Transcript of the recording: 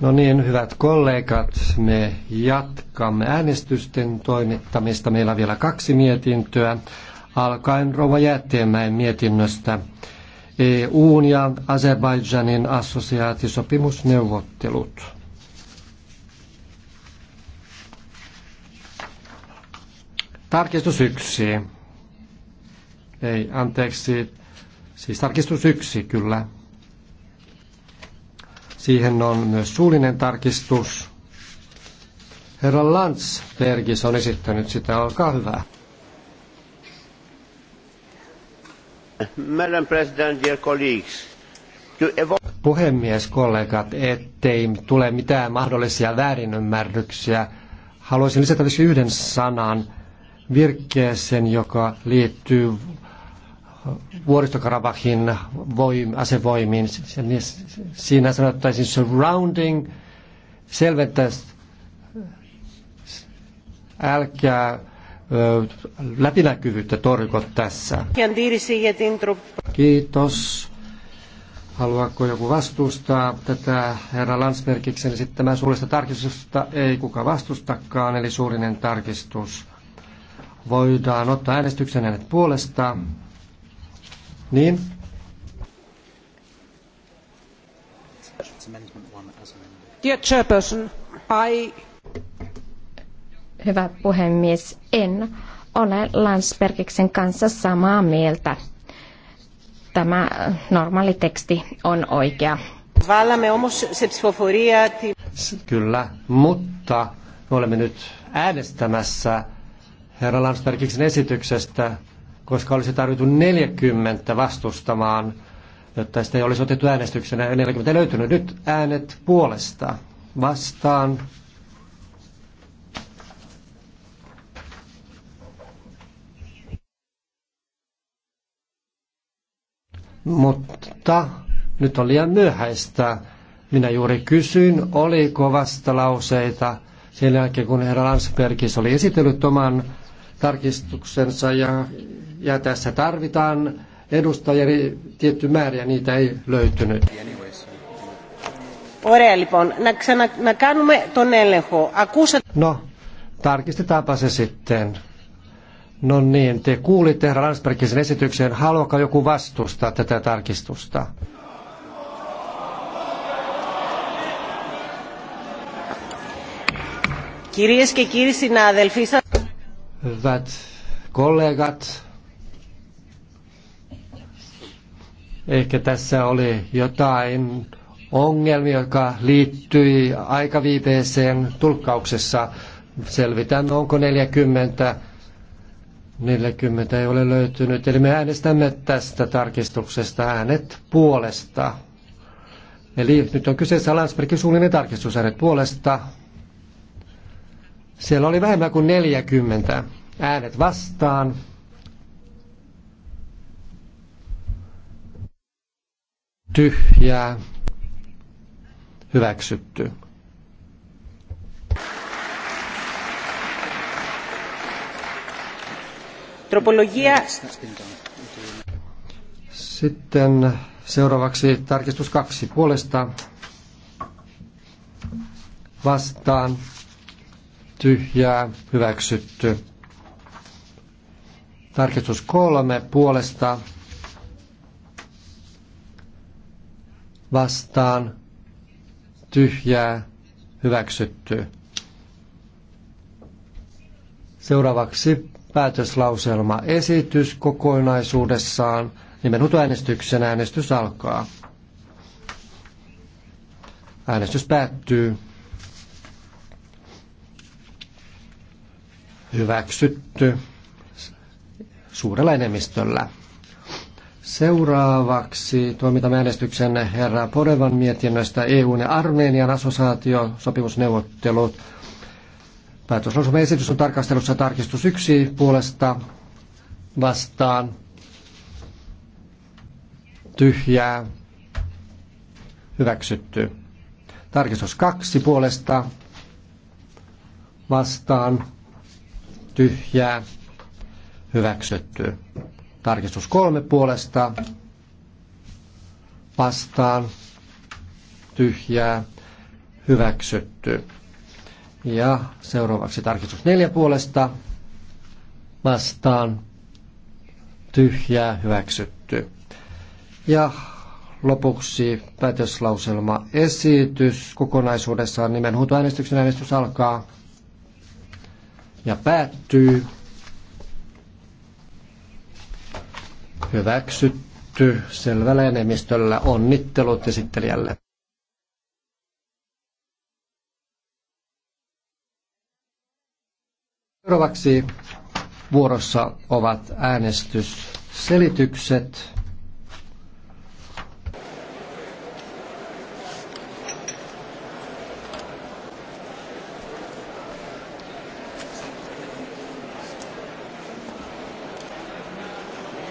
No niin, hyvät kollegat, me jatkamme äänestysten toimittamista. Meillä on vielä kaksi mietintöä, alkaen Rova Jäätteenmäen mietinnöstä. EUn ja Azerbaidžanin assosiaatisopimusneuvottelut. Tarkistus yksi. Ei, anteeksi. Siis tarkistus yksi, kyllä. Siihen on myös suullinen tarkistus. Herra Landsbergis on esittänyt sitä. Olkaa hyvä. Madam President, dear colleagues, Puhemies, kollegat, ettei tule mitään mahdollisia väärinymmärryksiä. Haluaisin lisätä yhden sanan virkkeeseen, joka liittyy vuoristokarabahin voim, asevoimiin. Siinä sanottaisiin surrounding, selventäisi älkää läpinäkyvyyttä torjuko tässä. Kiitos. Haluaako joku vastustaa tätä herra Landsbergiksen esittämää suurista tarkistusta? Ei kuka vastustakaan, eli suurinen tarkistus. Voidaan ottaa äänestyksen hänet puolesta. Niin? Dear Chairperson, I... Hyvä puhemies, en ole Landsbergiksen kanssa samaa mieltä. Tämä normaali teksti on oikea. Kyllä, mutta me olemme nyt äänestämässä herra Landsbergiksen esityksestä koska olisi tarvittu 40 vastustamaan, jotta sitä ei olisi otettu äänestyksenä. 40 ei löytynyt. Nyt äänet puolesta vastaan. Mutta nyt on liian myöhäistä. Minä juuri kysyin, oliko vastalauseita sen jälkeen, kun herra Lansbergis oli esitellyt oman tarkistuksensa ja, ja tässä tarvitaan edustajia tietty määrä ja niitä ei löytynyt. No, tarkistetaanpa se sitten. No niin, te kuulitte Ransbergisen esitykseen. Haluaako joku vastustaa tätä tarkistusta? Kirjeski και κύριοι Hyvät kollegat, ehkä tässä oli jotain ongelmia, joka liittyi aikaviipeeseen tulkkauksessa. Selvitän, onko 40. 40 ei ole löytynyt. Eli me äänestämme tästä tarkistuksesta äänet puolesta. Eli nyt on kyseessä Landsbergin suunnilleen tarkistus äänet puolesta. Siellä oli vähemmän kuin 40 äänet vastaan. Tyhjää. Hyväksytty. Tropologia. Sitten seuraavaksi tarkistus kaksi puolesta vastaan tyhjää, hyväksytty. Tarkistus kolme puolesta vastaan, tyhjää, hyväksytty. Seuraavaksi päätöslauselma esitys kokonaisuudessaan. äänestyksen äänestys alkaa. Äänestys päättyy. hyväksytty suurella enemmistöllä. Seuraavaksi toimitamme äänestyksen herra Porevan mietinnöstä EUn ja Armenian Päätöslausumme esitys on tarkastelussa tarkistus yksi puolesta vastaan tyhjää hyväksytty. Tarkistus kaksi puolesta vastaan tyhjää, hyväksytty. Tarkistus kolme puolesta, vastaan, tyhjää, hyväksytty. Ja seuraavaksi tarkistus neljä puolesta, vastaan, tyhjää, hyväksytty. Ja lopuksi päätöslauselma esitys kokonaisuudessaan nimenhuutoäänestyksen äänestys alkaa ja päättyy. Hyväksytty selvällä enemmistöllä. Onnittelut esittelijälle. Seuraavaksi vuorossa ovat äänestysselitykset.